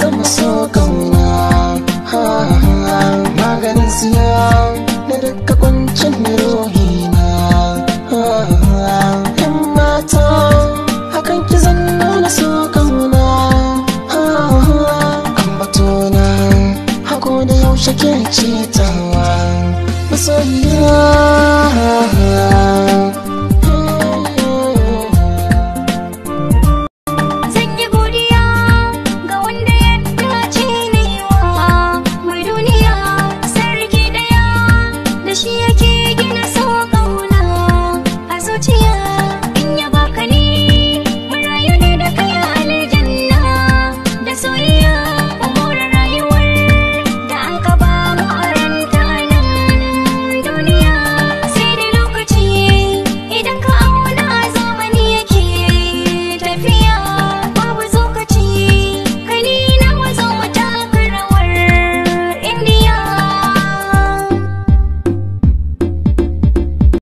zama so kauna maganin siya na duka kwancin rohi na yan mata hakan ki zanna na so kauna ambatona hako da yaushe ke cetawa masoyiya